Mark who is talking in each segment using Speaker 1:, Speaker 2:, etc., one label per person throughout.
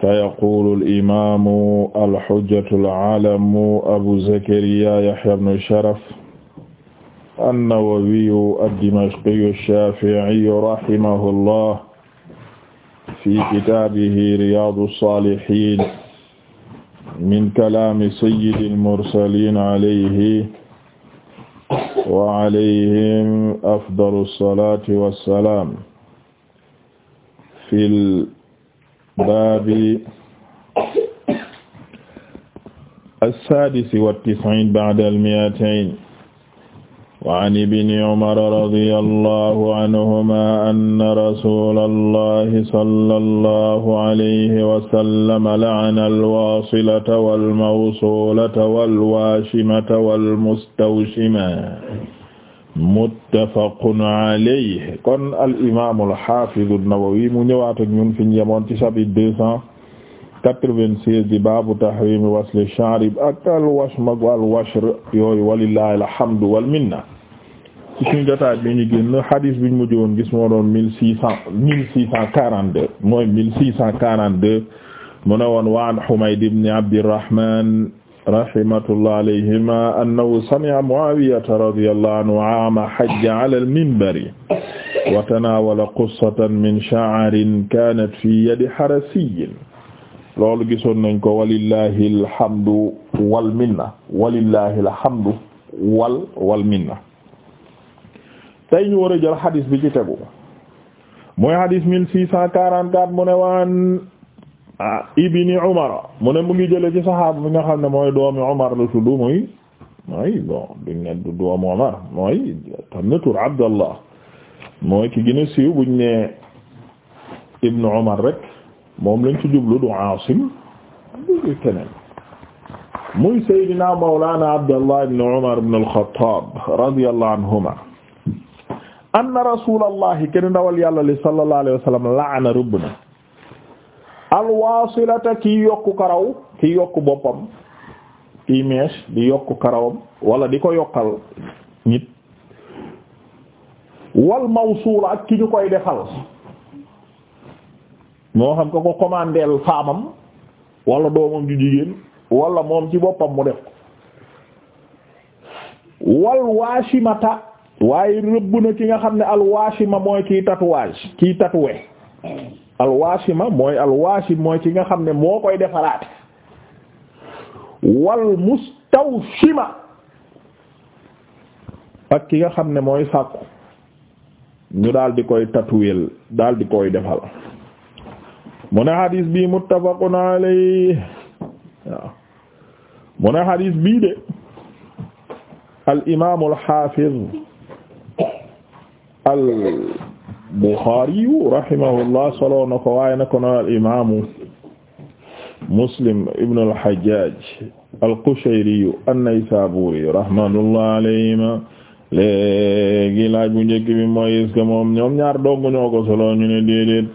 Speaker 1: فيقول الإمام الحجة العالم أبو زكريا يحيى بن شرف النووي الدمشقي الشافعي رحمه الله في كتابه رياض الصالحين من كلام سيد المرسلين عليه وعليهم أفضل الصلاة والسلام في baabi assaadisi wa tis'iin ba'da al-mi'atayn wa 'an ibni umar radiyallahu anhumaa anna rasuulallahi sallallahu alayhi wa sallam la'ana al-waasilata wal-mawsuulata wal-waashimata wal-mustawshimata muttafaqun alayhi kon al imaam al haafiz an-Nawawi mu ñëwaat ak ñun fi ñu yemoon ci chapitre deux cent quatre-vingt-seize di baabu tahriimi wasli sha'ri ak al washm ak al washr yooyu walillaahi alhamdu wal minna ci suñu jotaay bi ñu génn hadith bi ñu mujj woon gis moo doon mille six cent mille six cent quarante-deux mooy mille six cent quarante-deux mu ne woon wa an Humayd ibn Abdirrahmaan rahmatullah alayhima annahu sami'a Mu'awiyata radiyallahu anhu aama hajja ala al-minbari wa tanaawala qussatan min sha'rin kaanat fi yadi harasiyyin loolu gisoon nañ ko walillahi alhamdu wal minna walillahi alhamdu wal wal minna tey ñu war a jël xadis bi ci tegu mooy xadis 1644 mu ne waan ah ibni Umar mu ne mu ngi jële ci saxaaba bi nga xam ne mooy doomi Umar la tudd muy mooy bon duñ ne du doomu Umar mooy tam na tur Abdallah mooy ki gën a siiw buñ ne ibnu Umar rek moom lañ ci jublu du Aasim du keneen muy Seydina Mawlana Abdallah ibn Umar ibn al-Khattab radiyallahu anhuma anna rasulallahi kenn dawal yàlla li sallallahu alayhi wa sallam la'ana rëbb na alwasilata kii yokk karaw kii yokku boppam kii mèche di yokku karawam wala di ko yokkal nit wal mawsuula ak ki ñu koy defal moo xam ko ko commandeel faamam wala doomam ju jigéen wala moom ci boppam mu def ko wal waashimata waaye rëbb na ki nga xam ne al waashima mooy kiy tatouage kiy tatoué alwaashima mooy alwaashim mooy ki nga xam ne moo koy defaraate wal mustawshima ak ki nga xam ne mooy sàkku ñu daal di koy tatuweel daal di koy defal mu ne xadis bi muttafaqun alayhi waaw mu ne xadis bii de al imaam al xaafiz al Bukhari rahimahullah soloo na ko waaye na ko noon al imaamu Muslim ibn al-Hajjaj al-Qushayri an-Naysaburi rahmatullah alayhima léegi laaj bu njëkk bi mooy est-ce que moom ñoom ñaar dong ñoo ko solo ñu ne déedéet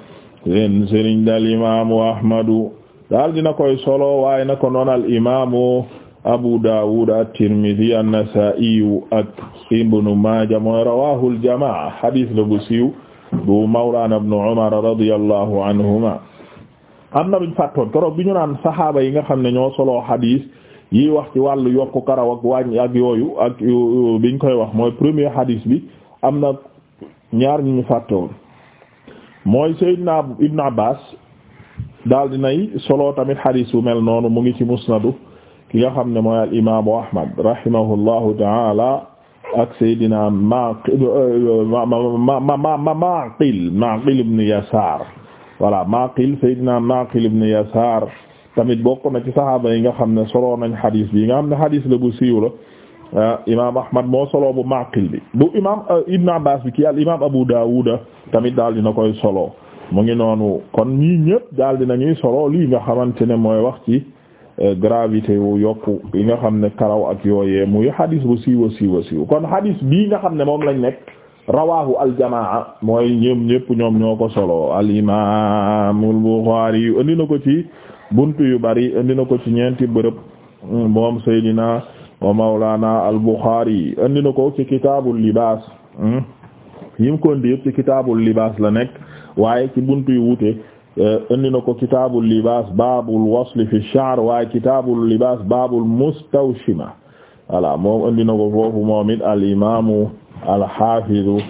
Speaker 1: seen sëriñ daal imaamu Ahmadu daal dina koy solo waaye na ko noon al imaamu Abu Dawud at-Tirmidhi an-Nasa'i ak Ibn Maaja mooy rawaahul jamaa xadiis la bu siiw bu mawlana ibn umar radiyallahu anhuma am na luñ fàttoon keroog bi ñu naan saxaaba yi nga xam ne ñoo solo xadiis yi wax ci wàllu yokku karaw ak wàññ ak yooyu ak biñ koy wax mooy premier xadiis bi am na ñaar ñu ñu fàttoon na Seydina Ibn Abbas daal dinay solo tamit xadiis bu mel noonu mu ngi ci musnadu ki nga xam ne mooy al imaamu Ahmad rahimahullahu taala ak Seydina Maqil Maqil Maqil ibn Yasaar voilà Maqil Seydina Maqil ibn Yasaar tamit bokk na ci saxaaba yi nga xam ne soloo nañ xadis bi nga xam ne xadis la bu siiw la ah, imaam Ahmad moo bu Maqil bi bu imaam ah, Ibn Abbas bi kii al imaam Abu Dawud tamit daal dina koy soloo mu ngi noonu kon ñii ñëpp daal dinañuy soloo lii nga xamante ne mooy wax ci. gravité wu yokku yi nga xam ne karaw ak yooyee muy hadis bu siiwa siiwa siiw kon hadis bii nga xam ne moom lañ nekk rawahu aljamaa mooy ñoom ñëpp ñoom ñoo ko solo al imaamul Buxaari yu indi na ko ci buntu yu bari indi na ko ci ñeenti bërëb moom Seydina wa Mawlana al Buxaari indi na ko ci kitaabul libaas hmm? yi mu ko indi ci kitaabul libaas la nekk waaye ci buntu yu wuute Eh, indi na ko kitaabul libaas baabul wasli fi sha'r waaye kitaabul libaas baabul mustawshima voilà moom indi na ko foofu moom it al imaamu al haafidu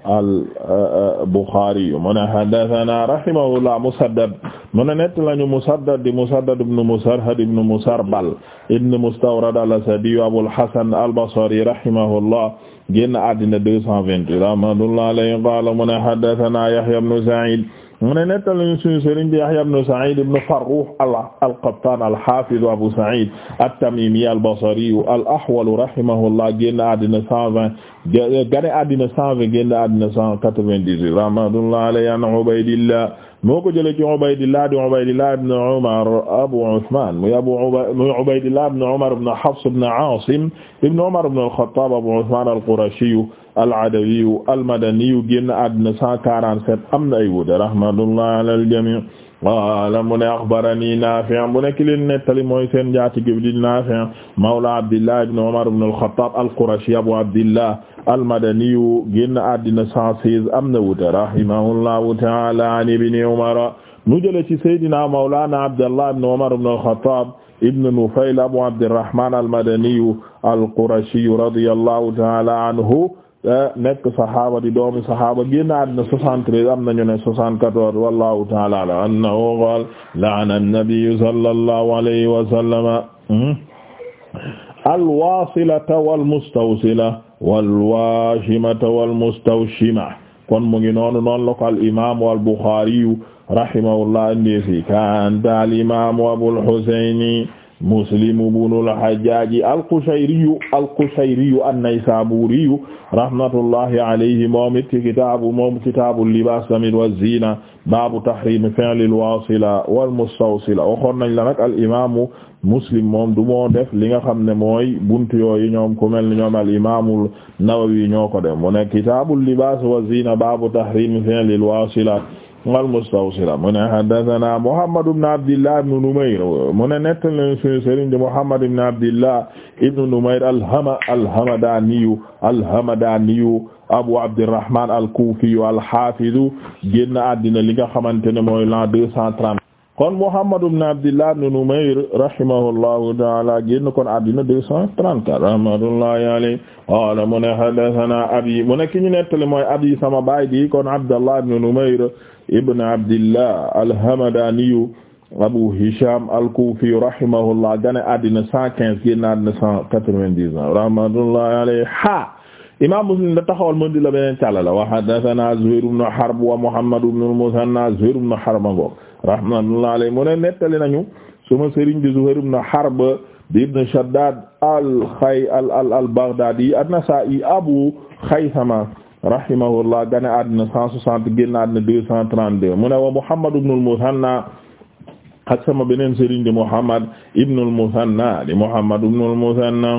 Speaker 1: al eh, Bukhari mu ne haddathana rahimahullah Musaddad mu ne nett lañu Musaddad di Musaddad ibn Musarhad ibn Musarbal ibn Mustawrad al-Asadi Abul Hasan al-Basri rahimahullah génn àddina 228 rahmatullahi alayhi qala mu ne haddathana Yahya ibn Sa'id mu ne nettali suñu sëriñ bi Yahya ibn Sa'id ibn Farrukh al-Qattan al-Hafiz Abu Sa'id at-Tamimi al-Basri al-Ahwal rahimahullah génn àddina cent vingt gane àddina cent vingt génn àddina cent quatre-vingt-dix-huit rahmatullahi alayhi an Ubaydillah moo ko jëlee ci Ubaydillah di Ubaydillah ibn Umar Abu Usman muy Abu Ubaydillah ibn Umar ibn Hafs ibn Asim ibn Umar ibn al-Khattab Abu Usman al-Qurashi al-Adawi al-Madani génn àddina 147 am na ay wuute rahmatullah ala al-jami' qaala mu ne axbarani Naafi' mu nekk leen nettali mooy seen njaatige bi di Naafi' mawla Abdillah ibn Umar ibn al-Khattab al-Qurashi Abu Abdillah al-Madani génn àddina 116 am na wuute rahimahullahu ta'ala an ibn Umar nu jële ci Seydina mawlana Abdallah ibn Umar ibn al-Khattab ibn Nufayl Abu Abdirrahman al-Madani al-Qurashi radiyallahu ta'ala anhu Eh, nekk saxaaba di doomi saxaaba génn àddina 73 am nañu ne 74 wallahu ta'ala ala annahu qaala la'ana an-nabiyyu sallallahu alayhi wa sallama hmm? al-waasilata wal-mustawsila wal-waashimata wal-mustawshima kon mu ngi noonu noonu la ko al-imaam al-Buxaari rahimahullah indi fi kan al-imaam Abul Husayn Muslim ibnul Hajjaaj al-Qushayriyu al-Qushayriyu an-Naysaabuuriyu rahmatullahi alayhi moom it ci kitaabu moom kitaabu libaas tamit wa ziina baabu tahriimi fi'lil waasila wal mustawsila waxoon nañ la nag al-imaamu Muslim moom du moo def li nga xam ne mooy buntu yooyu ñoom ku mel ni ñoom al-imaamu Nawawi ñoo ko def mu ne kitaabu libaas wa ziina baabu tahriimi fi'lil waasila al-mustawsila mu ne haddathana Muhammad ibn Abdillah ibn Numayr mu ne nettali nañu sunu sëriñ di Muhammad ibn Abdillah ibn Numayr al-Hama al-Hamadaniyu al-Hamadaniyu Abu Abdirrahman al-Kufiyu al-Hafizu génn àddina li nga xamante ne mooy l'an deux cent trente. kon Muhammad ibn Abdillah ibn Numayr rahimahullahu ta'ala génn kon àddina deux cent trente-quatre rahmatullahi alayhi qala mu ne haddathana abi mu ne ki ñu nettali mooy abi sama baay di kon Abdallah ibn Numayr ibn abdillah alhamadaniyu abou hisham alkoufi rahimahullah gane addina cent quinze génn addina cent quatre-vingt-dix-neuf rahmatullahi alayhi ha imam muslim da taxawal mën di la beneen càlla la wa hadathana zuhair ibn harb wa muhammad ibn al-musanna zuhair ibn harb ngo rahmatullahi alayhi mu ne nettali nañu suma sëriñ bi zuhair ibn harb di ibn shaddad al khay al al al baghdadi an-nasa'i abu khaythama rahimahullah gane àddina 160 génn àddina 232 mu ne wa Muhammad ibn al-Muthanna ak sama beneen sëriñ di Muhammad ibn al-Muthanna di Muhammad ibn al-Muthanna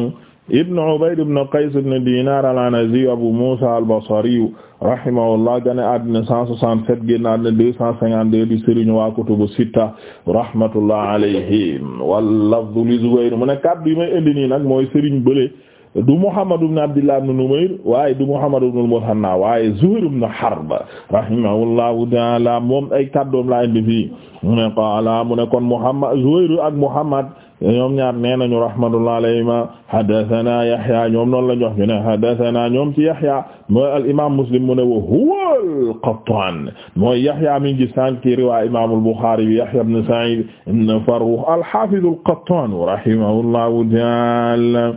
Speaker 1: ibn Ubayd ibn Qays ibn Dinar al-Anazi Abu Musa al-Basri rahimahullah gane àddina 167 génn àddina 252 di sëriñ waa kutubu sitta rahmatullah alayhim wal lafdu li Zubayr mu ne kaddu yi may indi nii nag mooy sëriñ bële du Muhammad ibn Abdillah ibn Numayr waaye du Muhammad ibn al-Muthanna waaye Zuhayr ibn Harb rahimahullahu ta'ala moom ay kaddoom la indi fii mu ne qaala mu ne kon Muhammad Zuhayr ak Muhammad ñoom ñaar nee nañu rahmatullah alayhima hadathana Yahya ñoom noonu la jox ñu ne hadathana ñoom ci Yahya mooy al imam Muslim mu ne wa huwa al-Qattan mooy Yahya min gi sànq ci riwaaya imam al-Bukhari bi Yahya ibn Sa'id ibn Farrukh al-Hafiz al-Qattan rahimahullahu ta'ala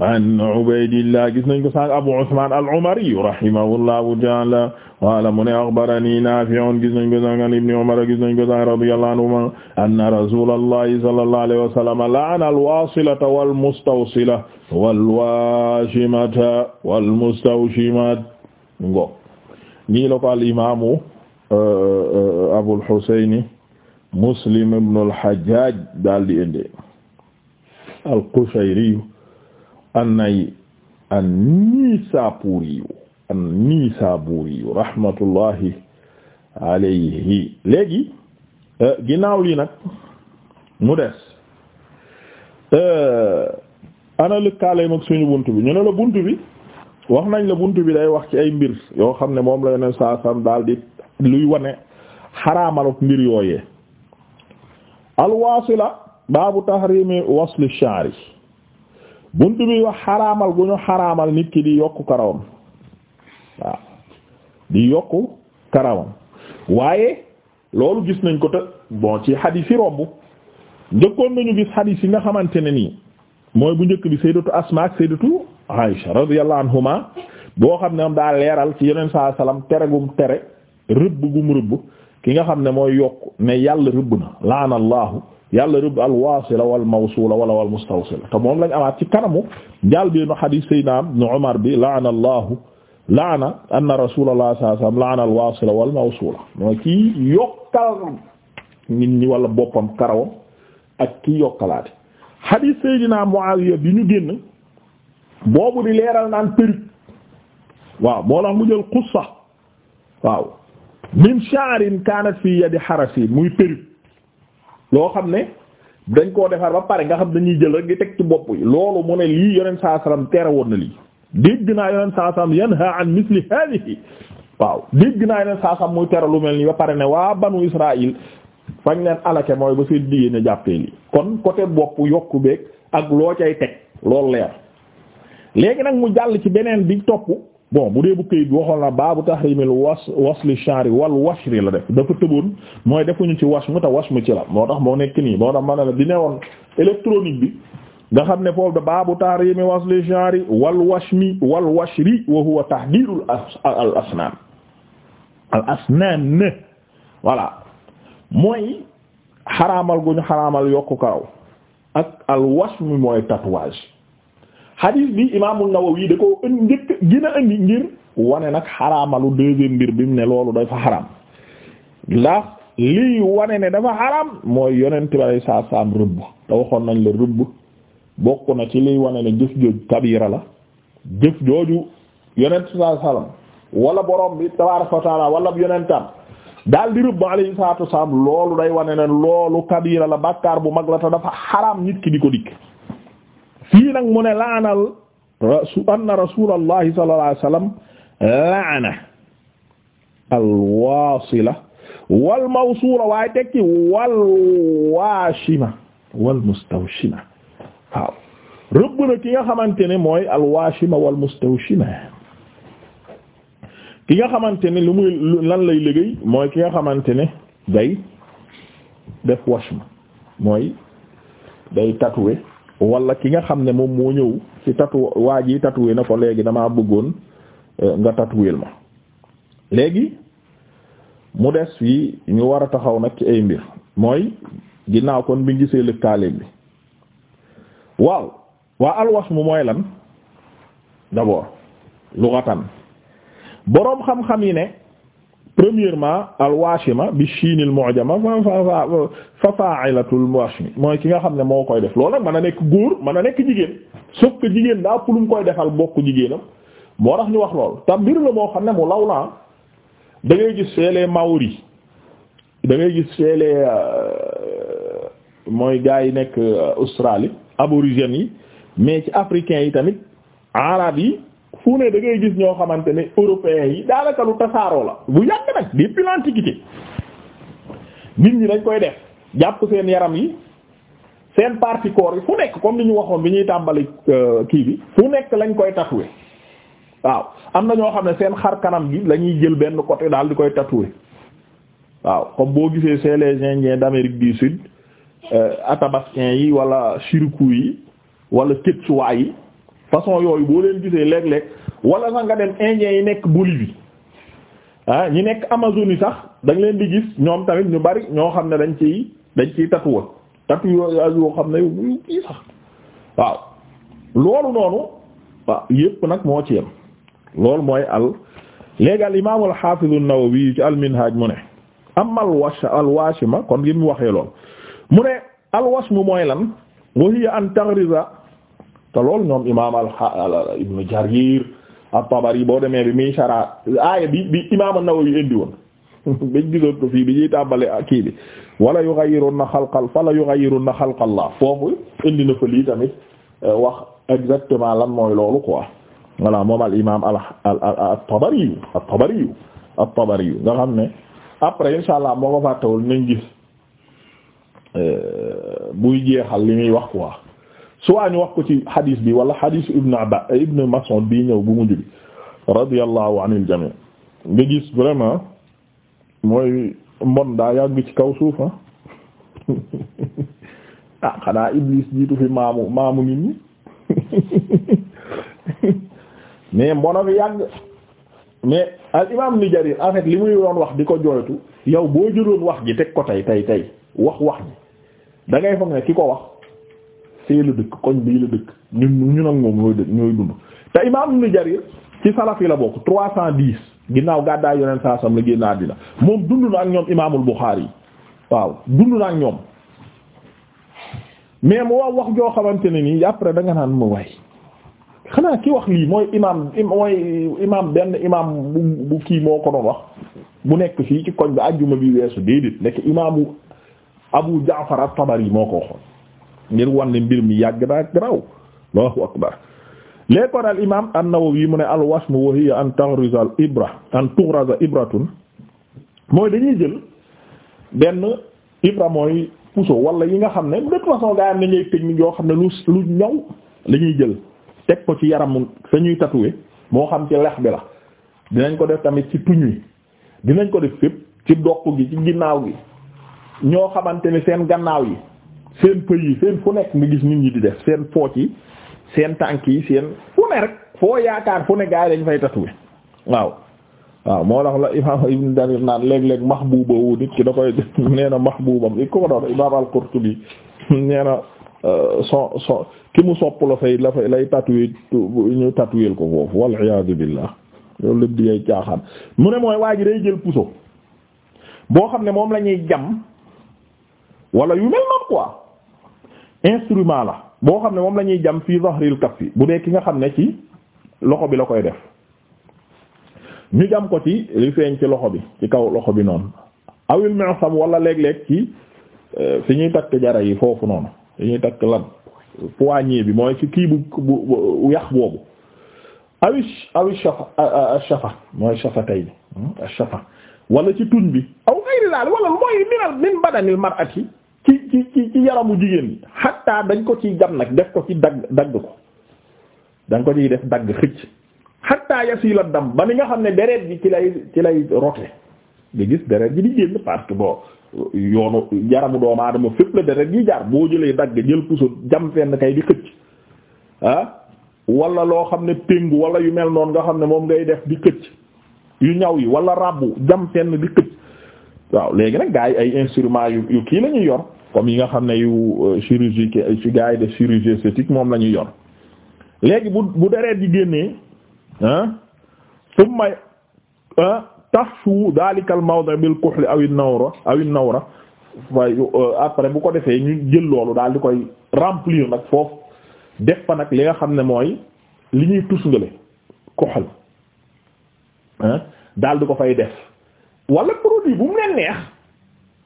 Speaker 1: an Ubaydillah gis nañ ko sànq Abu Usman al-Umari rahimahullahu ta'ala wala mu ne akhbarani Nafi'un gis nañ ko sànq an Ibn Umar gis nañ ko sànq radiyallahu anhuma anna rasulallahi sallallahu alayhi wa sallam la'ana al-wasilata wal-mustawsilata wal-washimata wal-mustawshimata ngo nii la ko al-imamu euh, euh, Abul Husayn Muslim ibn al-Hajjaj daal di indi al-Qushayri annay an-Nisapuri an-Nisapuri rahmatullahi alayhi léegi euh, ginnaaw lii nag mu des euh, ana lëkkaale mag suñu bunt bi ñu ne la bunt bi wax nañ la bunt bi day wax ci ay mbir yoo xam ne moom la yeneen saa daal di luy wane xaraamalut mbir yooyee al wasila baabu tahrimi wasli sha'ri bunt bi wax xaraamal gu ñu xaraamal nit ki di yokk karawam waaw di yokk karawam waaye loolu gis nañ ko te bon ci xadiis yi romb njëkkoon nañu gis xadiis nga xamante ne nii mooy bu njëkk bi sayyidatu Asma ak sayyidatu Aisha radiyallahu anhuma boo xam ne am daa leeral ci yeneen saa salaam tere gum tere rëbb gum rëbb ki nga xam ne mooy yokk ne yàlla rëbb na laanallahu yàlla rëbb alwaasila wal mawsuula wala wal mustawsila te moom lañ amaat ci kanamu njaal beenu xadiis Seydina ibn Umar bi laana allahu laana anna rasuulallah sallallahu alayhi wasallam laana alwaasila wal mawsuula mooy kii yokkal nit ñi wala boppam karawam ak kii yokkalaate xadiis Seydina Muawiya bi ñu génn boobu di leeral naan perruque waaw moo tax mu jël xussa waaw min sha'rin kaanat fi yadi xarasi muy perruque loo xam ne dañ koo defar ba pare nga xam dañuy jël rek di teg ci bopp yi loolu mu ne lii yoneen saa salaam tere woon na lii dégg naa yoneen saa salaam yanha an misli hadihi waaw dégg naa yoneen saa salaam muy tere lu mel nii ba pare ne waa banu Israël fañ leen alake mooy ba seen digée ne jàppee lii kon côté bopp yokku beeg ak loo cay teg loolu leer léegi nag mu jàll ci beneen bi topp bon bu dee bu këyit bi waxoon na baabu tahrimil was wasli shari wal washri la def dafa tëboon mooy defuñu ci wash mu te wash mu ci la moo tax moo nekk nii moo tax ma ne la di newoon électronique bi nga xam ne foofu da baabu tahrimi wasli shari wal washmi wal washri wa huwa tahdirul al asnaan al asnaan voilà mooy xaraamal gu xaraamal yokku karaw ak al washmi mooy tatouage hadith bi imaamu Nawawi da koo ën njëkk gën a indi ngir wane nag xaraamalu deuxième mbir bi ne loolu dafa xaraam ndax lii wane ne dafa xaraam mooy yonent bi saa saam rëbb te waxoon nañ leen rëbb bokk na ci liy wane ne jëf jooju kabira la jëf jooju yonent saa saam wala borom bi tabaaraka wa taala wala yonentam daal di rëbb alayhi salaatu wa salaam loolu day wane ne loolu kabira la bàkkaar bu mag la te dafa xaraam nit ki di ko dikk. fii nag mu ne laanal rasu anna rasulallahi sallallahu alayhi wasallam laana alwaasila wal mawsuula waaye tekki wal waashima wal mustawshima waaw na ki nga xamante ne mooy alwaashima wal mustawshima ki nga xamante ne lu muy lan lay liggéey mooy ki nga xamante ne day def washma mooy day tatouer wala ki nga xam ne moom moo ñëw ci tatu waa ji tatoué na ko léegi damaa bëggoon euh, nga tatoué ma léegi mu des fii ñu war a taxaw nag ci ay mbir mooy ginnaaw kon bi gisee lëkkaaleem bi waaw waa alwas mu mooy lan d'abord lughatan boroom xam-xam yi ne premièrement al-washima bi shiinil mu'jama fa fa fa'ilatul washmi mooy ki nga xam ne moo koy def loolu nag mën a nekk góor mën a nekk jigéen sauf que jigéen daa pour mu koy defal bokk jigéenam moo tax ñu wax lool te mbir la moo xam ne mu law la da ngay gis chez les Maoris da ngay gis chez les euh, mooy gars yi nekk euh, Australie aborigènes yi mais ci africains yi tamit arabes yi. fu ne da ngay gis ñoo xamante ne européens yi daanaka lu tasaaroo la bu yàgg nag depuis l'antiquité nit ñi dañ koy def jàpp seen yaram yi seen parti corps yi fu nekk comme ni ñu waxoon bi ñuy tàmbali euh, kii bi fu nekk lañ koy tatoué waaw am na ñoo xam ne seen xar kanam gi lañuy jël benn côté daal di koy tatoué waaw comme boo gisee c'est les Indiens d'Amérique du Sud euh, atabaskin yi wala Chiricoû yi wala Quechua yi. façon yooyu boo leen gisee léeg-léeg wala sax nga dem indien yi nekk Bolivie ah ñi nekk Amazonie sax da leen di gis ñoom tamit ñu bari ñoo xam ne dañ ciy dañ ciy tatuwa tatu yoo xam ne yu kii sax waaw loolu noonu waaw yépp nag moo ci yem loolu mooy al léegi al imaam al xaafiz an-Nawawi ci al mu ne amma al wash al washima kon li mu waxee lool mu ne al washmu mooy lan wa hiya an te loolu ñoom imaam al ibnu Jarir at-Tabari boo demee bi muy sara aaya bi bi imaam an-Nawawi indi woon bañ gisoon ko fii bi ñuy tàmbale kii bi wala yughayyiruna xalqal fala yughayyiruna xalqallah foofu indi na fa lii tamit euh, wax exactement lan mooy loolu quoi voilà moom al imaam al at-Tabari at-Tabari at nga xam ne après insha allah moo ko fàttewul nañ gis euh, buy jeexal li muy wax quoi su waa wax ko ci xadis bi wala xadisu ibnu Abba ibnu Mas'ud bii ñëw bu mu bi radiyallahu anil jami nga gis vraiment mooy mbon daa yàgg ci kaw suuf ah. Ah, xanaa Iblis jiitu fi maamu nit ñi mais mbono fi yàgg mais al imam ni jarir li muy doon wax di ko jooytu yow boo jëloon wax ji teg ko tey tey tey wax wax ji da foog ne ki ko wax fee la dëkk koñ bii la dëkk ñun ñu ak moom ñooy dëkk ñooy dund te imaam Ibn Jarir ci salaf yi la bokk trois cent dix ginnaaw gàddaay yoneen saa sam la génn àddina moom dund na ak ñoom imaamul Buxaari waaw dund naa ak ñoom mais wax joo xamante ne nii après da xanaa ki wax lii mooy imaam benn imaam bu kii moo ko doon wax bu nekk fii ci koñ bi àjjuma bi weesu déedéet nekk imaamu Abu Jaafar at-Tabari moo ko waxoon ngir wan mbir mi yàgg naa graw Allahu akbar léegi kon al imaam an-Nawawi mu ne al wasm wa hiya an taghriza al ibra an tughraza mooy dañuy jël benn ibra mooy puso wala yi nga xam ne de façon gaa am na ñuy technique yoo xam ne lu lu ñaw la ñuy jël teg ko ci yaram fa ñuy tatoué moo xam ci lex bi la dinañ ko def tamit ci tuñ wi dinañ ko def fépp ci doq gi ci ginnaaw gi ñoo xamante ni seen gannaaw yi seen pëy yi seen fu nekk nga gis nit ñi di def seen fooc yi seen tànk yi seen fu ne foo yaakaar fu ne gaa yi dañ fay tatoué waaw waaw moo tax la imaam ibn Darir naan léeg-léeg mahbuba wu nit ki da koy nee na mahbubam i ko doon imaam al-Qurtubi nee na euh, son son ki mu sopp la fay la fay lay tatoué ñu tatoué ko foofu wal iyaadu billah loolu lépp di caaxaan mu ne mooy waa ji day jël puso boo xam ne moom lañuy ñuy jam wala yu mel noonu quoi instrument la boo xam ne moom la ñuy jam fii zahril kaffi bu dee ki nga xam ne ci loxo bi la koy def ñu jam ko ci li feeñ ci loxo bi ci kaw loxo bi noonu awil mi'sam walla léeg-léeg ci euh, fi ñuy takk jara yi foofu noonu fi ñuy takk la poignée bi mooy ci kii bu bu yax boobu awi awi shafa shafa mooy shafa tay bi hmm, shafa wala ci tuñ bi aw xayri daal wala mooy minal min badanil mar'ati ci ci ci yaramu jigéen bi xatta dañ ko ci jam nag def ko ci dagg dagg ko dañ ko ciy def dagg xëcc xatta yasi la dam ba ni nga xam ne deret bi ci lay ci lay rote nga gis deret bi di génn parce boo yoonu yaramu doomu aadama fépp la deret gi jaar boo jëlee dagg jël puso jam fenn kay di xëcc ah loo xam ne péngu wala yu mel noonu nga xam ne moom ngay def di xëcc yu ñaw yi wala rabbu jam fenn di xëcc waaw léegi nag gars yi ay instruments yu kii la ñuy yor comme yi nga xam ne yu euh, chirurgie gars yi de chirurgie esthétique moom la ñuy yor léegi bu bu dereet yi génnee ah summa ah tafshu dhalika al mawdi' bil kuhli aw an nawra aw an nawra waaye euh, après bu ko defee ñu jël loolu daal di koy remplir nag foofu def fa nag li nga xam ne mooy li ñuy tusngale kuhl daal di ko fay def. wala produit bu mu leen neex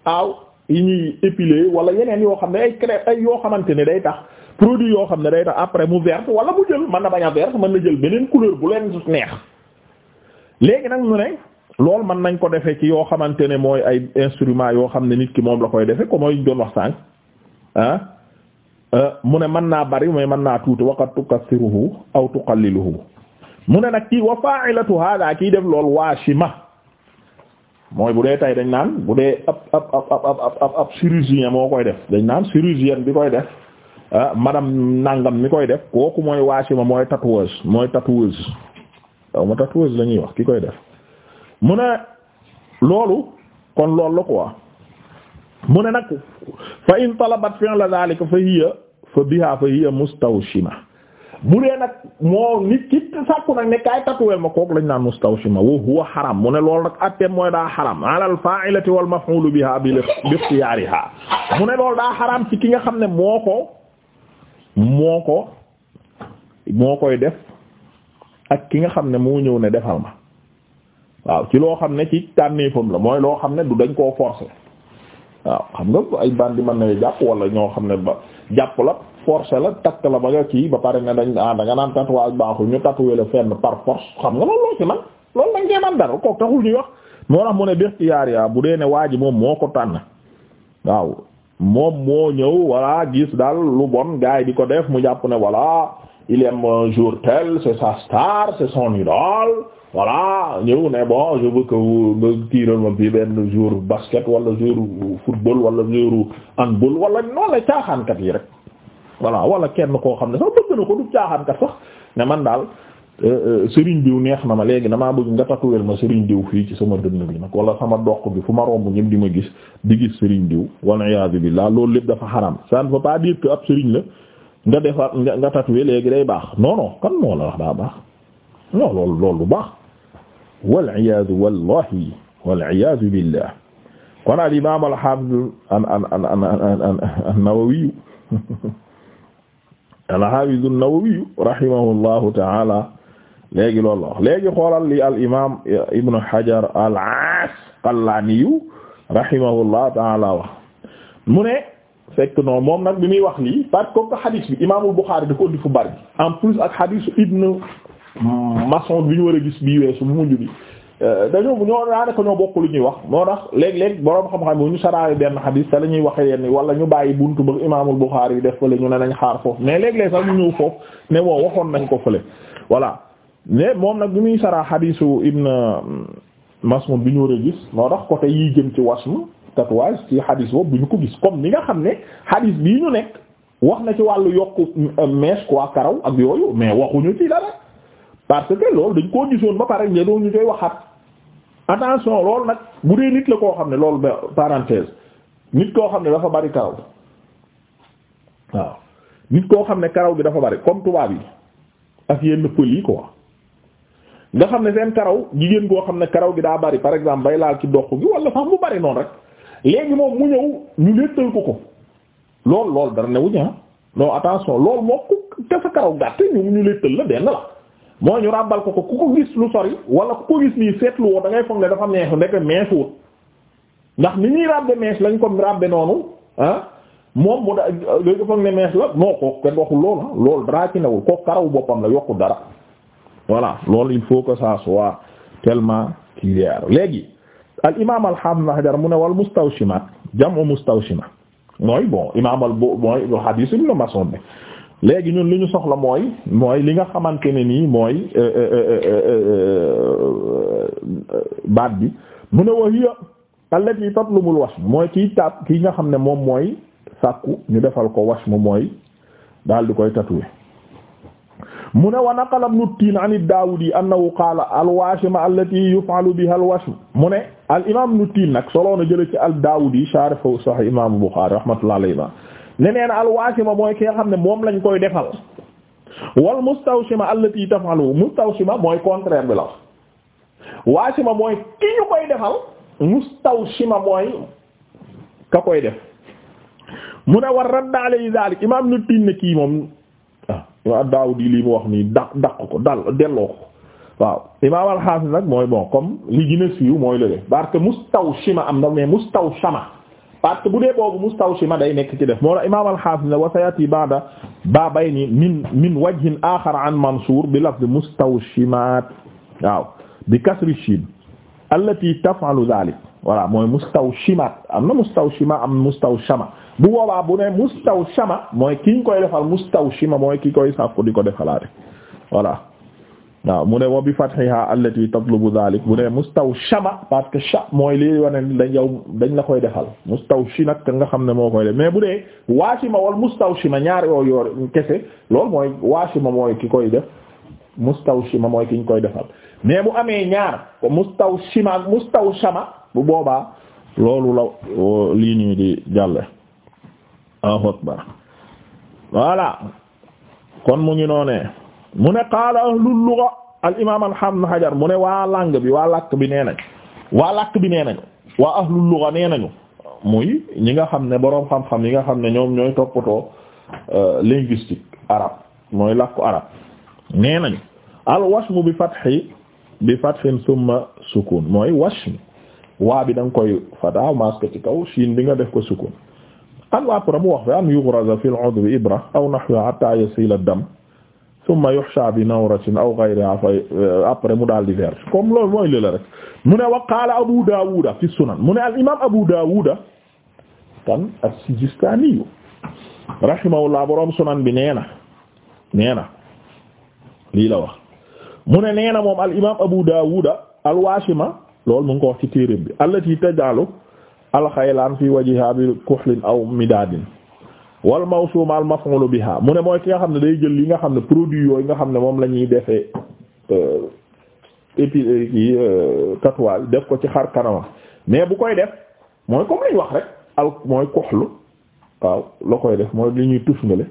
Speaker 1: aaw yi ñuy épiler wala yeneen yoo xam ne ay crème ay yoo xamante ne day tax produit yoo xam ne day tax après mu verte wala mu jël mën na bañ a verte mën na jël beneen couleur bu leen neex léegi nag mu ne loolu mën nañ ko defee ci yoo xamante ne mooy ay instrument yoo xam ne nit ki moom la koy defe ko mooy doon wax sànq ah, euh, mu ne mën naa bari mooy mën naa tuuti waqat tukassiruhu aw tuqalliluhu mu ne nag kii wa fa'ilatu mooy bu dee tey dañ naan bu dee ab ab ab ab ab ab chirurgien moo koy def dañ naan chirurgien bi koy def ah madame nàngam mi koy def kooku mooy waasima mooy tatoueuse mooy tatoueuse waaw ma tatoueuse la ñuy wax ki koy def mu ne loolu kon loolu la quoi mu ne nag fa in talabat fi'la dhalika fa hiya fa biha fa hiya mustawshima bu nag moo nit ki sàkku nag ne tatuweel ma kooku lañ naan mustawshima wa huwa xaram mu ne lool nag atteem mooy daa xaram ala al fa'ilati wal maf'ul biha bi ikhtiyariha mu ne loolu daa xaram ci ki nga xam ne moo ko moo ko moo koy def ak ki nga xam ne moo ñëw ne defal ma waaw ci loo xam ne ci tànneefam la mooy loo xam ne du dañ koo forcer waaw xam nga ay bandi mën na jàpp wala ñoo xam ne ba jàpp la forcé la takk la ba nga kii ba pare ne dañ ah da nga naan tatouage baaxul ñu tatoué la fenn par force xam nga loolu loo ci man loolu dañ cee man dara kooku taxul ñuy wax moo tax mu ne bex yaa bu dee ne waa ji moom moo ko tànn waaw moom moo ñëw voilà gis daal lu bon gars yi di ko def mu jàpp ne voilà il aime jour tel c'est sa star c'est son idole voilà ñëw ne bon je veux que bi benn jour basket wala jour football wala jour handball wala noonu la caaxaankat yi rek voilà wala kenn koo xam ne sax bëgg na ko du caaxaan kat sax ne man daal euh, euh, sëriñ diw neex na ma léegi damaa bëgg nga tatuweel ma sëriñ diw fii ci sama dënn bi nag wala sama doq bi fu ma romb ñëpp di ma gis di gis sëriñ diw wala iyaazu billaah loolu lépp dafa xaram ça ne veut pas dire que ab sëriñ la nga defar nga tatuwee léegi day baax non non kan moo la wax daa baax non loolu loolu lu baax wal iyaazu wallahi wal iyaazu billaah kon al imaam al haafiz an al-Haafiz an-Nawawi rahimahullahu ta'ala léegi loolu la wax léegi xoolal li al imaam Ibn Hajar al-Asqalaani rahimahullahu ta'ala wax mu ne fekk non moom nag bi muy wax lii parce que comme xadis bi imaamul Buxaari da ko indi fu bari en plus ak xadisu Ibn Mas'ud bi ñu war a gis bii weesu bu mujj bi Euh, dañoo ñoo daanaka ñoo bokk lu ñuy wax moo tax léeg-léeg boroom xam-xam bu ñu saraale benn xadiis te la ñuy waxe yenn wala ñu bàyyi buntu ba imaamul Buxaari yi def fële ñu ne nañ xaar foofu mais léeg-léeg moom nag bi muy saraa xadiisu Ibn Mas'ud bi ñu war a gis moo tax côté yi jëm ci wasm tatouage ci xadiis boobu bu ñu ko gis comme ni nga xam ne xadiis bii ñu nekk wax na ci wàllu yokk euh, mèche quoi karaw ak yooyu mais waxuñu ci dara parce que loolu attention loolu nag bu nit la koo xam ne loolu ba parenthèse nit koo xam ne dafa bari karaw waaw nit koo xam ne karaw bi dafa bari comme tubaab yi ak yenn pël yi quoi nga xam ne seen karaw jigéen koo xam ne karaw gi daa bari par exemple bay laal ci doq gi wala sax mu bari noonu rek léegi moom mu ñëw ñu léttal ko ko lool lool dara ne wuñu ah non attention lool moo ko te sa karaw gàtt ñu ñu léttal la benn la moo ñu ràbbal ko ko ku ko gis lu sori wala ku ko gis nii seetlu woo da ngay foog ne dafa meesu ndeke meesu ndax ni ñuy ràbbe mees lañ ko ràbbe noonu ah moom mu da léegi foog ne mees la non kooku kenn waxul loolu ah, loolu dara ci newul kooku karawu boppam la yokku dara voilà loolu il faut que ça soit tellement clair léegi al imam al hafiz hajar mu ne wal mustawshimat jam'u mustawshima mooy bon imam bo mooy hadith ibn bi léegi ñun li ñu soxla mooy mooy li nga xamante ne nii mooy euh, euh, euh, baat bi mu ne wa hiya allati tatlubul washm mooy kii taat kii nga xam ne moom mooy sàkku ñu defal ko washm mooy daal di koy tatouer mu ne wa naqala ibnu tiin an ad-Daawudi annahu qaala al-waashima allati yuf'alu biha al-washm mu ne al imam ibnu tiin nag soloo a jële ci al yi sharh sahih imam Bukhari rahmatullahi alayhi leneen ma mooy ki nga xam ne moom lañ koy defal wal mustawshima allati tafalu mustawshima mooy contraire bi la ma mooy ki ñu koy defal mustawshima mooy ka koy def mu ne war radda alayhi zalik imaam nu tin ne kii moom waaw ah, daaw di lii mu wax nii daq daq ko dal delloo ko waaw imaam alxaafis nag mooy bon comme li gën a siiw mooy la def parce que mustawshima am na mais mustawshama parce que bu dee boobu mustawshima day nekk ci def moo la imam al-hafiz ne wa sayati ba'da babayni min min wajhin akhar an mansur bi lafz mustawshimat waaw bi kasri shin allati taf'alu dhalik voilà mooy mustawshimat mustawshima am mustawshama bu boobaa bu ne mustawshama mooy ki ñu koy defal mustawshima mooy ki koy sàkku di ko defalaate voilà waaw mu ne wa bi fathiha allati tatlubu dhalik mu ne mustawshama parce que sha mooy lii wane dañ yow dañ la koy defal mustawshi nag nga xam ne moo koy def mais bu dee waashima wal mustawshima ñaar yoo yor kese loolu mooy waashima mooy ki koy def mustawshima mooy ki ñu koy defal mais bu amee ñaar mustawshima ak mustawshama bu boobaa loolu la lii nii di jàlle ahot kon mu ngi noonee mu ne qaala ahlul lugha al imaam alhamn hajar mu ne waa langue bi waa làkk bi nee nañ waa làkk bi nee nañu waa ahlul lugha nee muy ñi nga xam ne boroom xam-xam yi nga xam ne ñoom ñooy toppatoo euh, linguistique arabe mooy làkku arabe nee nañu al mu bi fathi bi fathin summa sukun mooy washmu waa bi da koy fata maske ci kaw shin bi nga def ko sukun al wapra mu wax fi an yughraza fil udwi ibra aw nahwa hatta yasil ad-dam summa yuhsha bi nawratin aw ghayriha euh, après mu daal di comme loolu mooy li rek mu ne wa qaala Abu Daawuda fi sunan mu ne al imaam Abu Daawuda tan as-Sijistaani rahimahullah borom sunan bi nee na nee na lii la wax mu ne nee na moom al imaam Abu Daawuda al-Waashima loolu mu ko wax ci téereem bi allati taj'alu al-xaylaan fi wajhiha bi kuhlin aw midaadin wal mawsum al maf'ul biha mu ne mooy ki nga xam ne day jël li nga xam ne produit yooyu nga xam ne moom la ñuy defee euh, épi euh, kii euh, tatouage def ko ci xar kanama mais bu koy def mooy rek al mooy koxlu waaw la koy def mooy li ñuy tusngale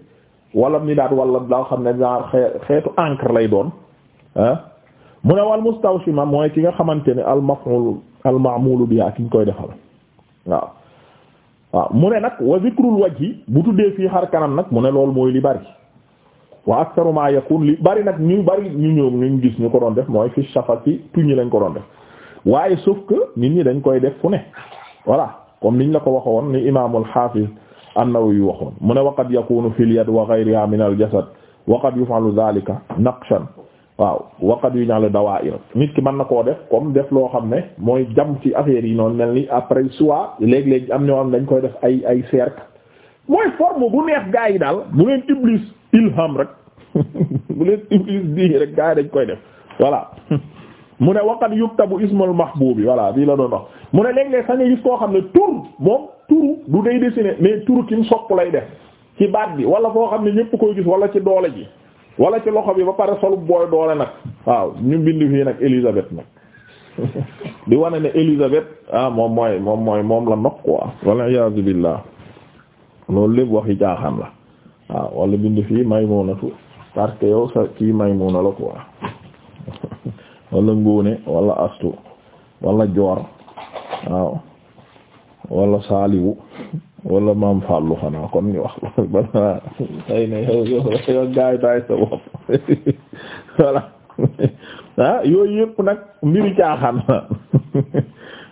Speaker 1: wala mi daat wala daa xam ne genre xeetu encre lay doon ah mu ne wal ma mooy ki nga xamante ne al maf'ul al ma'mul biha ki ñu koy defal waaw waaw mu ne nag wa zikrul wajhi bu tuddee fii xar kanam nag mu ne lool mooy li bari waa aktharu ma yakun li bari nag ñu bari ñu ñëw ñu gis ñu ko doon def mooy fi shafa ci tuñi lañ ko doon def waaye sauf que nit ñi dañ koy def fu ne voilà comme ñu la ko waxoon ni imaamul hafiz an yu waxoon mu ne waqad yakunu fil yad wa ghayriha min al jasad waqad yufalu dhalika naqshan waaw waqat yu dawaa dawaayir nit ki mën na koo def comme def loo xam ne mooy jam ci affaire yi noonu mel ni après soit léeg-léeg am ñoo am dañ koy def ay ay cercle mooy forme bu neex gaa yi daal mu leen iblis ilham rek mu leen iblis di rek gaa yi dañ koy def voilà mu ne waqat yuktabu ismul mahbubi voilà bii la doon wax mu ne léeg-léeg sax nga gis koo xam ne tur moom turu du day dessiné mais turu kim sopp lay def ci baat bi wala foo xam ne ñëpp koy gis ci doole ji wala ci loxo bi ba pare solu booy doole nag waaw ñu bind fii nag Élisabeth nag di wane ne Élisabeth ah moom mooy moom mooy moom la nokk quoi wala iyaazu lépp waxi jaaxaan la waaw bind fii Maymunatu parce que yow sa kii Maymuna la quoi wala Ngóone wala Astu wala Joor waaw wala Saaliwu wala maam Fallou xanaa kon ñu wax bala na yow yow ah, yooyu yëpp nag mbiri caaxaan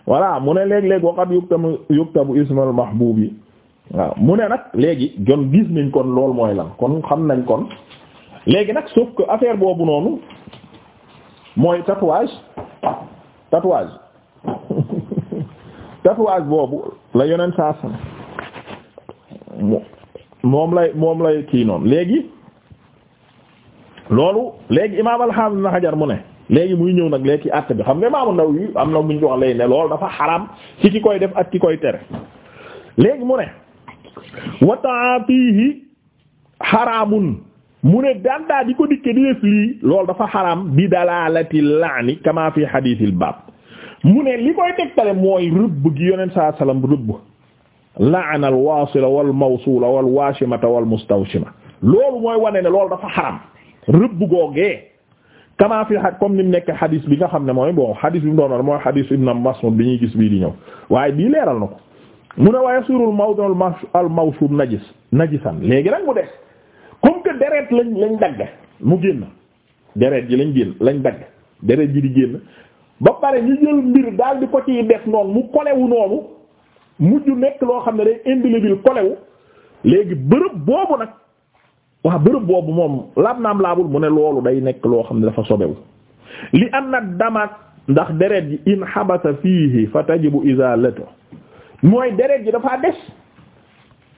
Speaker 1: la mu ne léeg-léeg waxat yuktamu yuktabu ismal mahbub yi waaw mu ne nag léegi jon gis nañ kon lool mooy la kon xam nañ kon léegi nag sauf que affaire boobu noonu mooy tatouage tatouage tatouage boobu la yeneen saa moom lay moom lay kii noonu léegi loolu léegi imaam al-Hafiz Ibn Hajar mu ne léegi muy ñëw nag léegi àtt bi xam nga imaam An-Nawawi am na muñ wax lay ne loolu dafa xaraam ci ki koy def ak ki koy tere léegi mu ne wa ta'atihi mu ne dandaa di ko dikke di def lii loolu dafa xaraam bi dalalati laani kama fi hadithil baab mu ne li koy tegtale mooy rëbb gi yoneen saa salaam rëbb la'ana al-wasila wal-mawsula wal-washimata wal-mustawshima loolu mooy wane ne loolu dafa xaram rëbb googee kama fi a comme ni mu nekk xadis bi nga xam ne mooy bon xadis bi mu doon mooy xadis ibn Mas'ud bi ñuy gis bii di ñëw waaye bii leeral na ko mu ne waaye surul mawdu al-mawshum najis najisan léegi nag mu des comme que deret lañ lañ dagg mu génn deret ji lañ génn lañ dagg deret ji di génn ba pare ñu jël mbir daal di ko ciy def noonu mujj nekk loo xam ne day indilibile kolewu léegi bërëb boobu nag waa bërëb boobu moom laab naam laabul mu ne loolu day nekk loo xam ne dafa sobewu li am na damaat ndax deret ji in xabasa fiihi fa tajibu izalatu mooy deret ji dafa des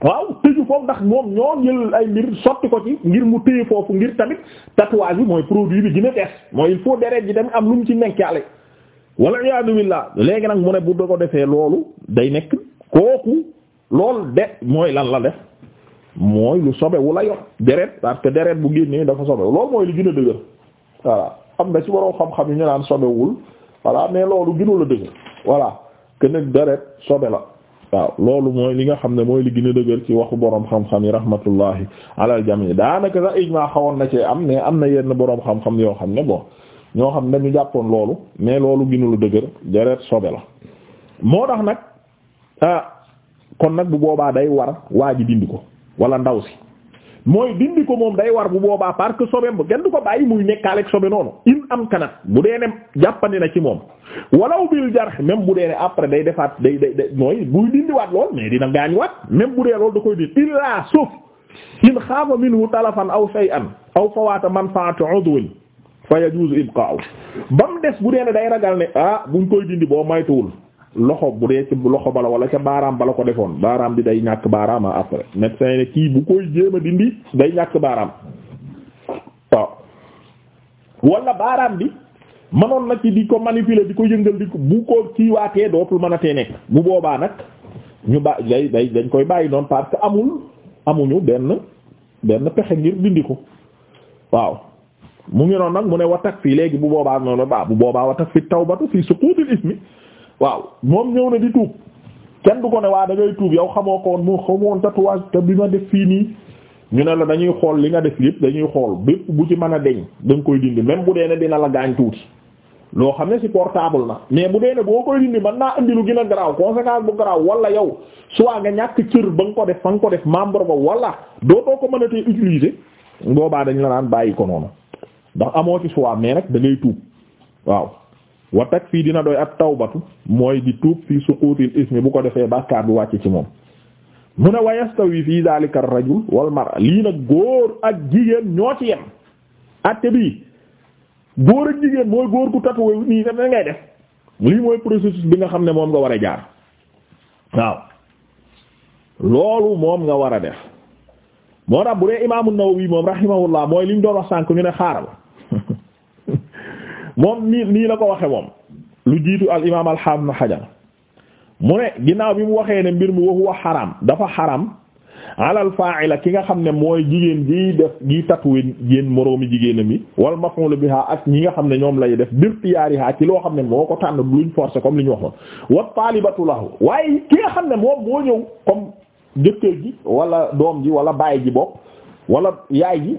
Speaker 1: waaw tëju foofu ndax moom ñoo jël ay mbir sotti ko ci ngir mu téye foofu ngir tamit tatouage bi mooy produit bi gën a des mooy il faut deret ji tamit am lu mu ci ale wala iyaadu billah léegi nag mu ne bu da defee loolu day nekk kooku lool de mooy lan la de mooy lu sobe wu la yor deret parce que deret bu génnee dafa sobe loolu mooy lu gën a dëgër voilà am ci waroo xam yi ñu naan sobewul voilà mais loolu gënu la dëgër voilà que nag deret sobe la waaw loolu mooy li nga xam ne mooy li gën a dëgër ci waxu borom xam-xam yi rahmatullahi alal jami daanaka sax ijmaa xawoon na cee am mais am na yenn borom xam-xam yoo xam ne bon ñoo xam ne dañu jàppoon loolu mais loolu gënu la dëgër deret sobe la moo tax nag. ah kon nag bu boobaa day war waa ji dindi ko wala ndaw si mooy dindi ko moom day war bu boobaa parce que sobeem ba kenn du ko bàyyi muy nekkaaleeg sobe noonu in am kanat bu dee ne jàppandi na ci moom walaw bil jarh même bu dee ne après day defaat day day day mooy buy dindiwaat lool mais dina gaañuwaat même bu dee loolu da koy dindi illaa suuf in xaafa wu talafan aw shay'an aw fawaata manfaatu udwin fa yajuzu ibqa'u ba mu des bu dee ne day ragal ne ah buñ koy dindi boo maytuwul loxo bu dee ci loxo bala wala ca baaraam bala ko defoon baaraam bi day ñàkk baaraam après médecin ne kii bu koy jéem a dindi day ñàkk baaraam waaw wala baaraam bi manoon nag ci di ko manipuler di ko yëngal di ko bu ko kiiwaatee dootul mën a tee nekk bu boobaa nag ñu ba day dañ koy bàyyi noonu parce que amul amuñu benn benn pexe ngir dindi ko waaw mu ngi nag mu ne watak fii léegi bu boobaa noonu ba bu boobaa watak fi tawbatu fii suqutil ismi waaw moom ñëw na di tuub kenn du ko ne waa da ngay tuub yow xamoo ko woon mu xamoon tatouage te bi ma def fii nii ñu ne la dañuy xool li nga def yëpp dañuy xool bépp bu ci mën a deñ da koy dindi même bu dee ne dina la gaañ tuuti loo xam ne ci portable na mais bu dee ne boo koy dindi man naa indi lu gën a garaaw conséquence bu garaaw wala yow soit nga ñàkk cër ba nga ko def fa nga ko def membre ba wala dootoo ko mën a tee utiliser boobaa dañ la naan bàyyi ko noonu ndax amoo ci soit mais nag da ngay waaw. wa fii dina doy at tawbatu mooy di tuub fii suquutil ismi bu ko defee bàkkaar bi wàcc ci moom mu ne wa yastawi fii daalika ar-rajul wal mar'a lii nag góor ak jigéen ñoo ci yem atte bii góor ak jigéen mooy góor gu tatoué nii daf ngay def lii mooy processus bi nga xam ne moom nga war a jaar waaw loolu moom nga war a def moo tax bu dee imaamu Nawawi moom rahimahullah mooy li mu doon wax sànk ñu ne xaaral moom nii nii la ko waxee moom lu jiitu al imaam al haafid na xajar mu ne ginnaaw bi mu waxee ne mbir mi wa huwa xaram dafa xaram alal fa'ila ki nga xam ne mooy jigéen jiy def giy tatoué jigéen moroomi jigéenam yi wal maf'ul biha ak ñi nga xam ne ñoom lay def birtiyaariha ki loo xam ne moo ko tànn luñ forcé comme li ñu waxoon wa taalibatu lahu waaye ki nga xam ne moom moo ñëw comme jëkkër ji walla doom ji wala baay ji bopp wala yaay ji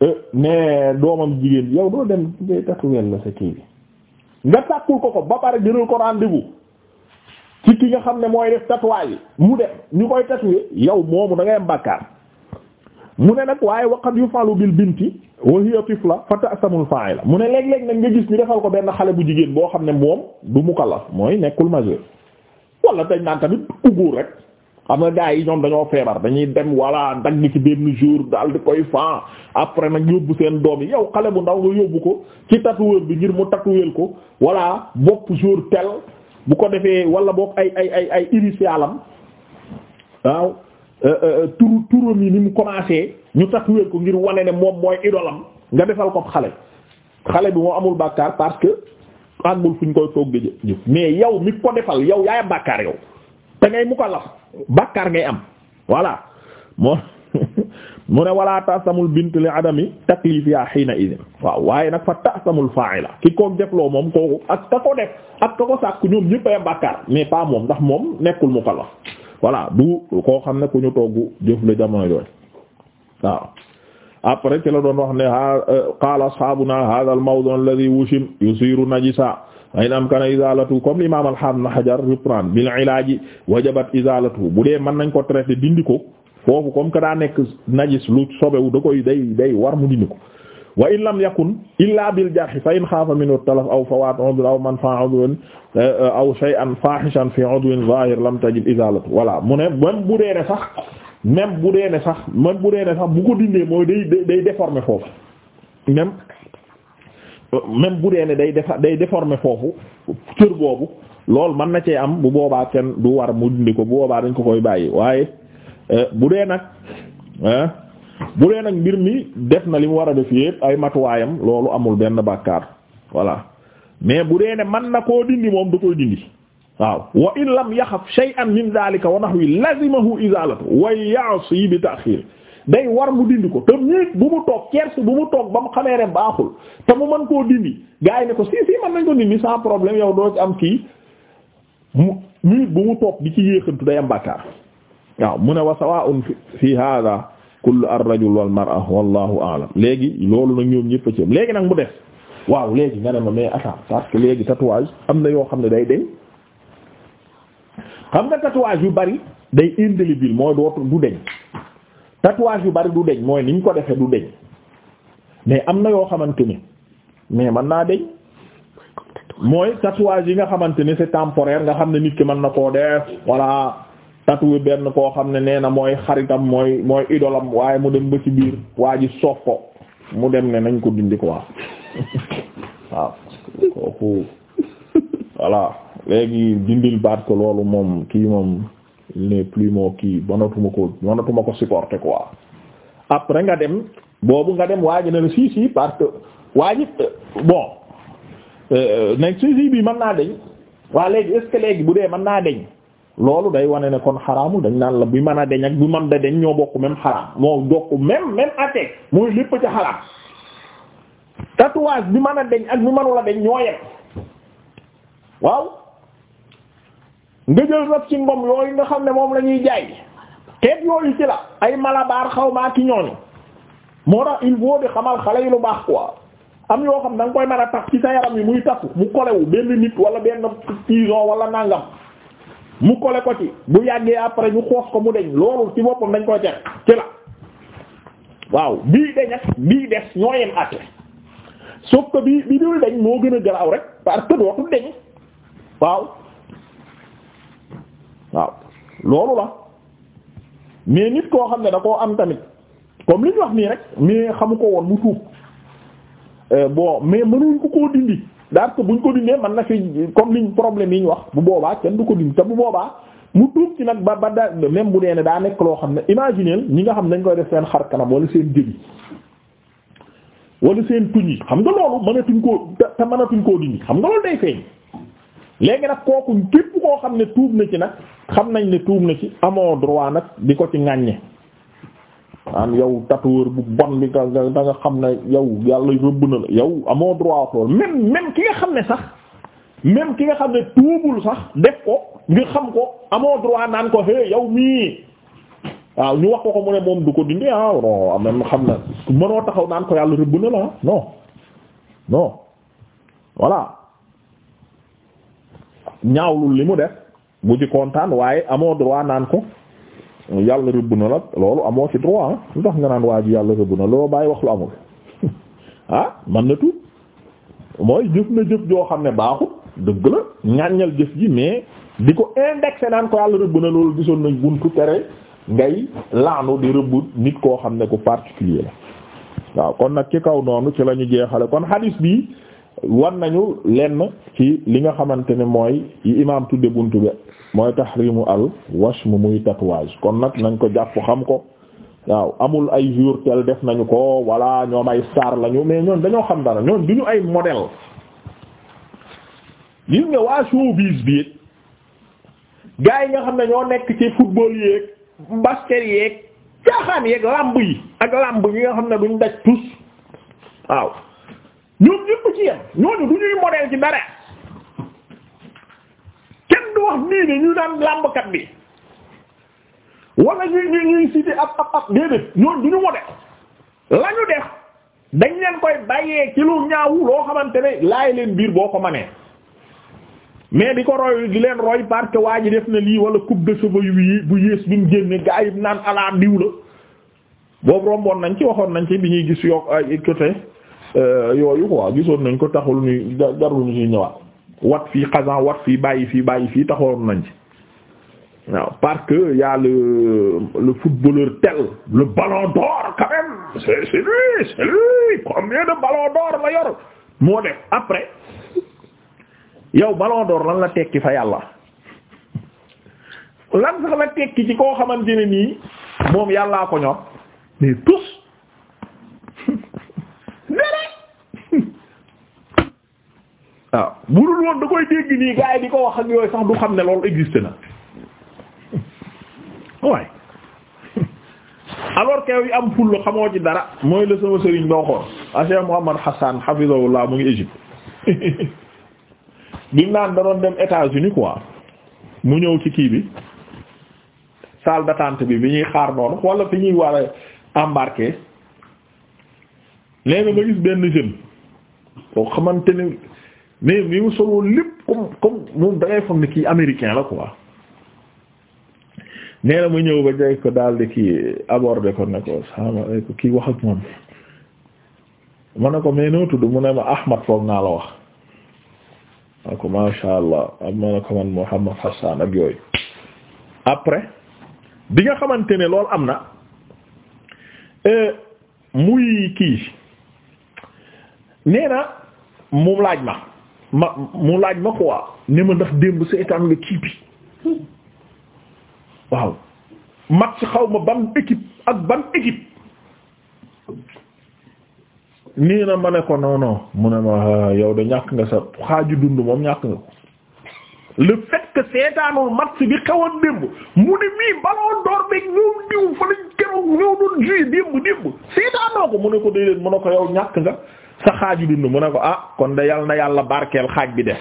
Speaker 1: ne euh, doomam jigéen yow doo dem ngay tatuwel la sa kii bi nga tàkkul ko ko ba pare jëlal ko rendez-vous ci ki nga xam ne mooy def tatouage yi mu def ñu koy tatouer yow moomu da ngay am bàkkaar mu ne nag waaye waqad yufalu bil binti wa hiya tifla fa ta'samul fa'ila mu ne léeg-léeg nag nga gis ñu defal ko benn xale bu jigéen boo xam ne moom du mukallaf mooy nekkul majeur wala dañ naan tamit ku góor rek xam nga gars yi ñoom dañoo feebar dañuy dem walla dagg ci benn jour daal di koy fan après nag yóbbu seen doom yi yow xale bu ndaw nga yóbbu ko ci tatoueur bi ngir mu tatouer ko walla bopp jour tel bu ko defee wala boog ay ay ay ay initialam waaw euh, euh, turu turam yi ni mu commencé ñu tatouer ko ngir wane ne moom mooy idolam nga defal ko xale xale bi moo amul bàkkaar parce que àggul fu ñu koy toog di jëf mais yow mi ko defal yow yaay bàkkaar yow te ngay mu ko bàkkaar ngay am voilà moo mu ne wala tasamul bint li adami taklif xiina idin waaw waaye nag fa tasamul fa'ila ki ko defloo moom kooku ak ka ko def ak ko sàkk ñoom ñëpp ay bàkkaar mais pas moom ndax moom nekkul mukallaf voilà du koo xam ne ku ñu toggu jëf la jamono jooy waaw après ci la doon wax ne euh, qaala ashabuna hadha al mawdu alladhi wushim yusiru najisa ay na am kana izalatu comme l'imam al-Hafiz Ibn Hajar reprendre bil ilaaji wajabat izalatu bu dee mën nañ ko traiter dindi ko foofu comme que daa nekk najis lu sobewu da koy day day war mu dindi ko wa in lam yakun illa bil jarh fa in xaafa minu talaf aw fawat udwin aw manfa udwin eh, aw shay'an fahishan fi udwin zahir lam tajib izalatu voilà mu ne même bu dee ne sax même bu dee ne sax même bu dee ne bu ko dindee mooy day day foofu même même bu dee ne day defar day déformé foofu cër boobu loolu mën na cee am bu boobaa kenn du war mu dindi ko bu boobaa dañ ko koy bàyyi waaye euh, bu dee nag bu dee nag mbir mi def na li mu war a def yépp ay matuwaayam loolu amul benn bàkkaar voilà mais bu dee ne man na koo dindi moom du koy dindi waaw wa in lam yaxaf shay'an min dhalika wa nahwi lazimahu izalatu wa ya'si bi ta'khir day war mu dindi ko te nit bu mu toog kersi bu mu toog ba mu xamee ne baaxul te mu man koo dindi gars yi ne ko si si mën nañ ko dindi sans problème yow doo ci am kii mu minute bu mu toog di ci yéexantu day am bàkkaar waaw mu ne wa sawa'un fi hada kullu ar-rajul wal mar'a wallahu a'lam léegi loolu nag ñoom ñëpp a ci am léegi nag mu def waaw léegi nga ne ma mais attends parce que léegi tatouage am na yoo xam ne day deñ xam nga tatouage yu bari day indélébile mooy dootu du deñ tatouage yu bari du deñ mooy niñ ko defee du deñ mais am na yoo xamante ni mais man naa deñ mooy tatouage yi nga xamante ni c'est temporaire nga xam ne nit ki mën na koo def voilà tatoué benn koo xam ne nee na mooy xaritam mooy mooy idolam waaye mu dem ba biir waa ji soof ko mu dem ne nañ ko dindi ko waaw kooku voilà léegi dindil baat ko loolu moom kii moom il n'est plus moo kii mënatuma ko mënatuma ko supporter quoi après nga dem boobu nga dem waaji ne la si si parce que waa waaji euh, bon euh, nag si si bi mën naa deñ waa léegi est léegi bu dee man naa deñ loolu day wane ne kon xaraamul dañ naan la bi mën a deñ ak bu man da deñ ñoo bokk même xaraam moo bokk même même atte mooy lépp ci xaraam tatouage bi mën a deñ ak bu mënula deñ ñoo yem waaw nga jël rab ci ngom yooyu nga xam ne moom la ñuy jaay xeet yooyu ci la ay malabaar xaw maa ki ñooñu moo tax il faut di xamal xale yi lu baax quoi am yoo xam da nga koy mën a tax ci sa yaram yi muy takku mu kolewu benn nit wala benn pigeon wala nangam mu kole ko ci bu yàggee après ñu xoos ko mu deñ loolu ci boppam dañ koy tere ci la waaw bii deñ bii des ñoo yem àtte sauf que bii bi dul deñ moo gën a garaaw rek parce que dootul waaw waaw loolu la mais nit koo xam ne da koo am tamit comme li ñu wax nii rek mais xamu ko woon mu tuub euh, boo mais mënuñ ko koo dindi daal ko buñ ko dindee man na fi comme liñ problème yi ñu wax bu boobaa kenn du ko dindi te bu boobaa mu tuub ci nag ba ba da même bu dee ne daa nekk loo xam ne imaginer ñi nga xam ne dañ koy def seen xar kanam wala seen jëbi wala seen tuñ yi xam nga loolu mënatuñ koo te mënatuñ koo dindi xam nga loolu day feeñ léegi nag kooku képp koo xam ne tuub na ci nag xam nañ ne tuub na ci amoo droit nag di ko ci ŋàññe am yow tatoueur bu bon bi da nga xam ne yow yàlla rëbb na la yow amoo droit wax loolu même même sax même ki nga xam ne tuubul sax def ko nga xam ko amoo droit naan ko yow mii waaw ñu wax ko ko mu ne moom du ko dindi ah non am xam na mënoo taxaw naan ko yàlla rëbb na la ah, non non voilà ñaawlul li mu def bu ci kontaan waaye amoo droit naan ko yàlla rëbb na la loolu amoo ci droit ah lu tax nga naan waa ji yàlla rëbb na loo bàyyi wax lu amul ah man na tuub mooy jëf na jëf joo xam ne baaxut dëgg la ñàññal jëf ji mais di ko indexé naan ko yàlla rëbb na loolu gisoon nañ buntu tere ngay laanu di rëbb nit koo xam ne ku particulier la waaw kon nag ci kaw noonu ci la ñu jeexale kon hadis bi wan nañu lenn ci li nga xamante ni mooy yi imaam tudde buntu be mooy tahrimu al washm muy tatouage kon nag nañ ko jàpp xam ko waaw amul ay jour tel def nañu ko wala ñoom ay star lañu mais ñoom dañoo xam dara ñoom duñu ay modèle gis nga waa showbiz bi gaa yi nga xam ne ñoo nekk ci football yeeg basket yeeg caaxaan yeeg lamb yi ak lamb yi nga xam ne duñ daj tous waaw ñoom ñëpp ci yem ñooñu du ñuy modèle ci dara kenn du wax nii ñu naan làmbkat bi wala ñuy ñuy ñuy cité ab ab ab déedéet ñooñu du ñu modèle la ñu dañ leen koy bàyyee ci ñaawu loo xamante ne laay leen biir boo ko manee mais di ko roy di leen roy parce waa ji def na lii wala coupe de cheveux yu bu yées bi mu génne naan ala diw la boobu romboon nañ ci waxoon nañ ci bi ñuy gis yokk ay côté. Euh, yooyu quoi gisoon nañ ko taxul ni jarul ñu si ñëwaat wat fii xasan wat fii bàyyi fii bàyyi fii taxoon nañ ci waaw parce que y a le le footballeur tel le ballon d'or quand c'est c'est lui c'est lui combien de ballon d'or la yor lan la tekki fa yàlla lan sax la tekki ci koo xamante ne nii moom yàllaa ko ñor mais tous waaw bu dul woon da koy dégg nii gars yi di ko wax ak yooyu sax du xam ne loolu existe na waaye alors que yu am fulla xamoo ci dara mooy la sama sëriñ boo xool Cheikh Mouhamad Hassan hafizahullah mu ngi Égypte bi naan da doon dem États-Unis quoi mu ñëw ci kii bi salle d'attente bi bi ñuy xaar noonu wala fi ñuy war a embarquer léegi ma gis benn jeune boo xamante ni mais mi mu soloo lépp comme comme moom da foog ne kii américain la ko nee na ma ñëw ba jay ko daal kii aborder ko ne ko salaamaaleykum kii wax ak moom ma ne ko mais noo tudd mu ne ma Ahmad foog naa la wax ma ko masha Allah am ko man yooyu après bi nga xamante ne loolu am na euh, muy kii nee mu laaj ma ma mu laaj ma quoi ne ma ndax démb seetaan nga kii bi waaw match xaw ma ban équipe ak ban équipe nii na ma ne ko non mu ne ma yow de ñàkk nga sa xaaju dund moom ñàkk nga ko le fait que seetaanul match bi xewoon démb mu ne mii ballon d'or beeg ñoom diw fa lañ keroog ñëw doon jouer démb démb seetaanoo ko mu ne ko déedéet mu ne ko yow ñàkk nga. sa bi dund mu ne ko ah kon de yal na yàlla barkeel xaaj bi des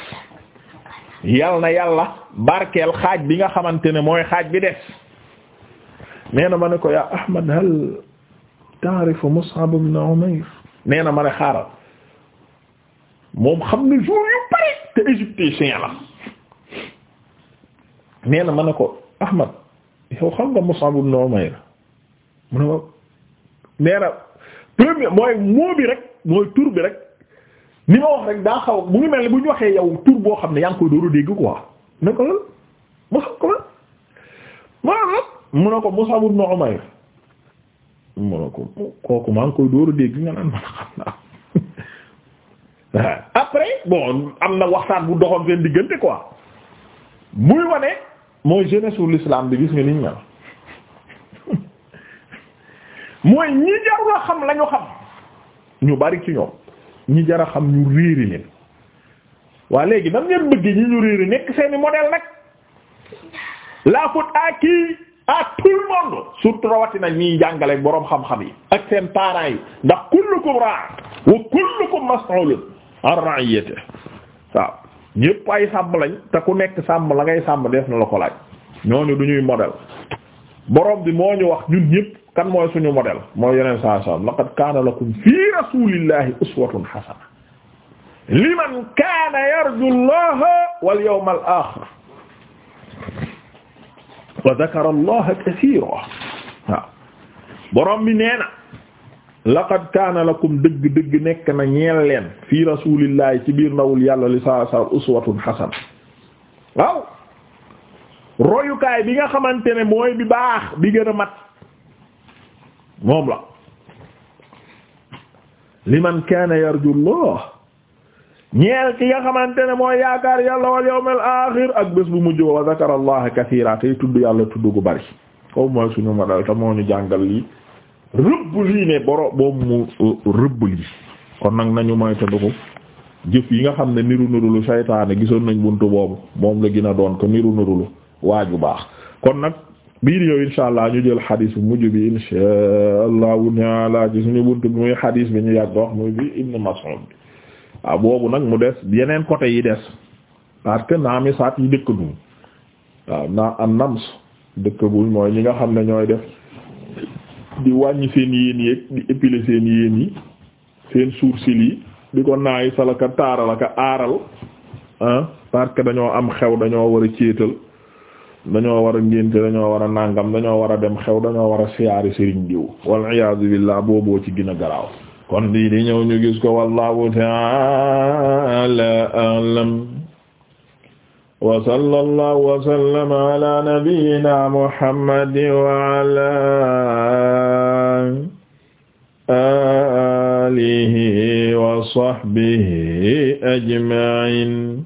Speaker 1: yal na yàlla barkeel xaaj bi nga xamante ne mooy xaaj bi des nee na ma ne ko yaa Ahmad hal ta'rifu Mus'ab ibn Umayr na ma ne xaaral xam na na ma ne ko Ahmad yow xam nga Mus'ab ibn Umayr mu ne ma nee mooy moo bi rek. mooy tur bi rek ni ma wax rek daa xaw mu ngi mel ni bu ñu waxee yow tur boo xam ne yaa ngi koy dooru dégg quoi ne ko mu xam ko lan maanaam lan ko Mus'ab mu ne ko kooku maa ngi koy dooru dégg nga naan man xam naa après bon am na waxtaan bu doxoon seen diggante quoi muy wane mooy jeunesse wu l'islam bi gis nga niñ mel mooy ñi jar la xam lañu xam ñu bari ci ñoom ñi jar a xam ñu réeri leen waa léegi nag ngeen bëgg ñi ñu réeri nekk seeni model nag la faute à qui à tout monde surtout rawatina ñiy jàngale boroom xam-xam yi ak seen parents yi ndax kullukum ra' wa kullukum mas'ulun an ra'iyatihi waaw ñépp ay sàmm lañ te ku nekk sàmm la ngay sàmm def na la ko laaj ñooñu du ñuy modèle boroom bi moo ñu wax ñun ñépp kan mooy suñu modèle mooy yeneen saa sallam laqad kaana lakum fii rasulillahi uswatun hasana liman kaana yarju allaha wal yawmal axir wa dakara allaha kasiira waaw borom bi nee na laqad kaana lakum dëgg dëgg nekk na ñeel leen fii rasulillahi ci biir ndawul yàlla li saa sallam uswatun hasana waaw royukaay bi nga xamante ne mooy bi baax bi gën a mat moom la liman yar yarjullah ñeel ki nga xamante ne mooy yaakaar yàlla wal yawmal aaxir ak bés bu mujj wa zakara allaha kasiira tey tudd yàlla tudd gu bari kooku mooy suñu ma dal te moo ñu jàngal lii rëbb lii ne boro boobu mu euh, rëbb lii kon nag nañu mooy te duggu jëf yi nga xam ne niru nurulu saytaane gisoon nañ bunt boobu moom la gin a doon ko niru nurulu waaju baax kon nag biir di ñëw insha allah ñu jël xadis bu mujj bi insha allahu taala ci suñu buntu bi muy xadis bi ñu yàgg wax muy bi Ibn Mas'ud bi waaw ah, boobu nag mu des yeneen côté yi des parce que naami saat yi dëkk duñ waaw naa am nams dëkk buñ mooy ñi nga xam ne ñooy def di wàññi seen yéen yi di épiler seen yéen yi seen sourcil yi di ko naayi salaka taaralaka aaral ah parce que dañoo am xew dañoo war a céetal dañoo war a ngénte dañoo war a nàngam dañoo war a dem xew dañoo war a siyaari sëriñ diw wal iyaazu billah booboo ci gën a garaaw kon di di ñëw ñu gis ko wallahu ta'ala a'lam wa sallallahu wa sallama ala nabiyyina muhammadin wa ala alihi wa sahbihi ajma'in